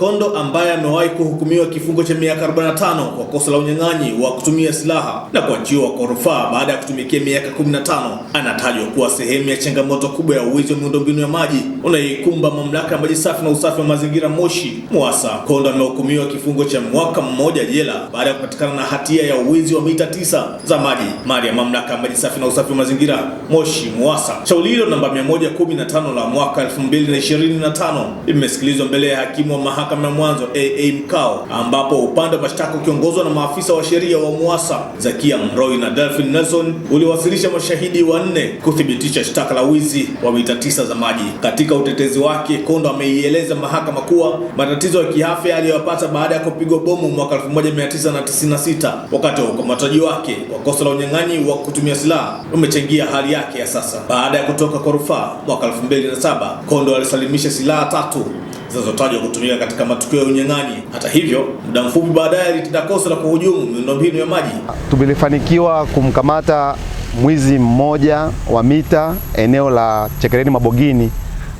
Kondo ambaye amewahi kuhukumiwa kifungo cha miaka 45 kwa kosa la unyang'anyi wa kutumia silaha na kuachiwa kwa rufaa baada ya kutumikia miaka 15, anatajwa kuwa sehemu ya changamoto kubwa ya uwizi wa miundombinu ya maji unaikumba mamlaka ya maji safi na usafi wa mazingira Moshi MUWASA. Kondo amehukumiwa kifungo cha mwaka mmoja jela baada ya kupatikana na hatia ya uwizi wa mita tisa za maji mali ya mamlaka ya maji safi na usafi wa mazingira Moshi MUWASA. Shauri hilo namba 115 la mwaka 2025 limesikilizwa mbele ya hakimu wa mahakama mahakama ya mwanzo AA Mkao, ambapo upande wa mashtaka ukiongozwa na maafisa wa sheria wa Mwasa Zakia Mroi na Delphin Nelson uliwasilisha mashahidi wanne kuthibitisha shtaka la wizi wa mita tisa za maji. Katika utetezi wake, Kondo ameieleza mahakama kuwa matatizo ya kiafya aliyopata baada ya kupigwa bomu mwaka 1996 wakati wa ukamataji wake kwa kosa la unyang'anyi wa kutumia silaha umechangia hali yake ya sasa. Baada ya kutoka kwa rufaa mwaka 2007, Kondo alisalimisha silaha tatu zinazotajwa kutumika katika matukio ya unyang'anyi. Hata hivyo, muda mfupi baadaye alitenda kosa la kuhujumu miundombinu ya maji. Tumefanikiwa kumkamata mwizi mmoja wa mita eneo la Chekereni Mabogini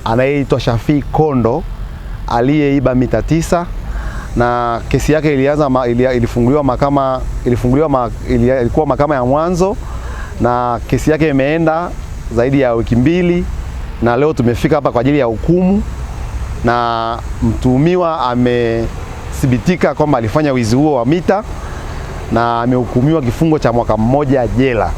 anayeitwa Shafii Kondo aliyeiba mita tisa na kesi yake ilianza ma, ili, ilifunguliwa mahakama ilifunguliwa ma, ili, ilikuwa mahakama ya mwanzo na kesi yake imeenda zaidi ya wiki mbili, na leo tumefika hapa kwa ajili ya hukumu na mtuhumiwa amethibitika kwamba alifanya wizi huo wa mita na amehukumiwa kifungo cha mwaka mmoja jela.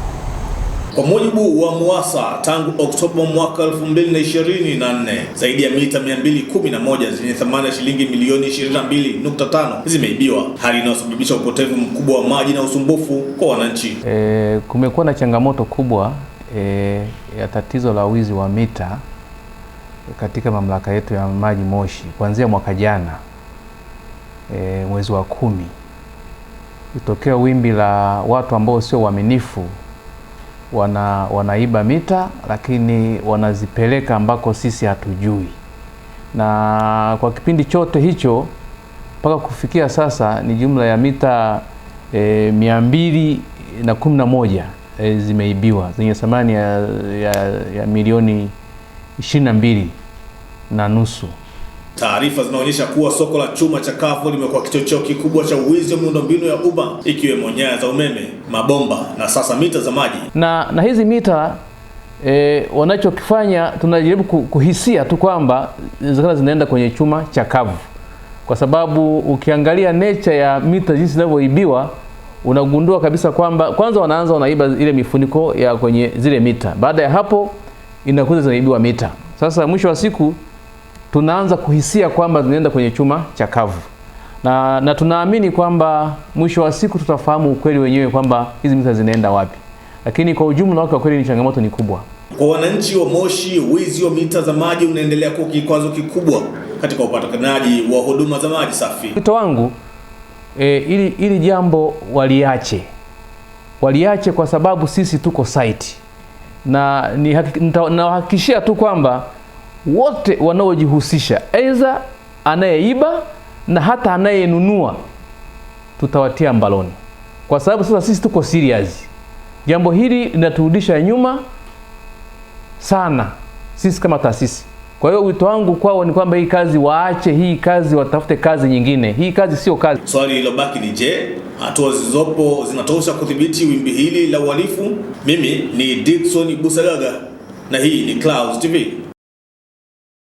Kwa mujibu wa MUWASA, tangu Oktoba mwaka 2024 zaidi ya mita 211 zenye thamani ya shilingi milioni 22.5 zimeibiwa, hali inayosababisha upotevu mkubwa wa maji na usumbufu kwa wananchi. E, kumekuwa na changamoto kubwa e, ya tatizo la wizi wa mita katika mamlaka yetu ya maji Moshi kuanzia mwaka jana e, mwezi wa kumi itokea wimbi la watu ambao sio waaminifu wana, wanaiba mita lakini wanazipeleka ambako sisi hatujui, na kwa kipindi chote hicho mpaka kufikia sasa ni jumla ya mita e, mia mbili na kumi na moja e, zimeibiwa zenye thamani ya, ya, ya milioni ishirini na mbili na nusu. Taarifa zinaonyesha kuwa soko la chuma cha Kafu limekuwa kichocheo kikubwa cha uwizi wa miundombinu ya umma ikiwemo nyaya za umeme, mabomba na sasa mita za maji. Na na hizi mita e, wanachokifanya tunajaribu kuhisia tu kwamba zinawezekana zinaenda kwenye chuma cha kavu, kwa sababu ukiangalia nature ya mita jinsi zinavyoibiwa unagundua kabisa kwamba kwanza wanaanza wanaiba ile mifuniko ya kwenye zile mita, baada ya hapo inakuza zinaibiwa mita. Sasa mwisho wa siku tunaanza kuhisia kwamba tunaenda kwenye chuma cha kavu na, na tunaamini kwamba mwisho wa siku tutafahamu ukweli wenyewe kwamba hizi mita zinaenda wapi, lakini kwa ujumla wake, kwa kweli ni changamoto ni kubwa kwa wananchi wa Moshi. Wizi wa mita za maji unaendelea kuwa kikwazo kikubwa katika upatikanaji wa huduma za maji safi. Wito wangu e, ili, ili jambo waliache waliache, kwa sababu sisi tuko site na nawahakikishia tu kwamba wote wanaojihusisha, aidha anayeiba na hata anayenunua, tutawatia mbaloni, kwa sababu sasa sisi tuko serious. Jambo hili linaturudisha nyuma sana sisi kama taasisi. Kwa hiyo wito wangu kwao ni kwamba hii kazi waache hii kazi, watafute kazi nyingine. Hii kazi sio kazi. Swali lilobaki ni je, hatua zilizopo zinatosha kudhibiti wimbi hili la uhalifu? Mimi ni Dickson Busagaga na hii ni Clouds TV.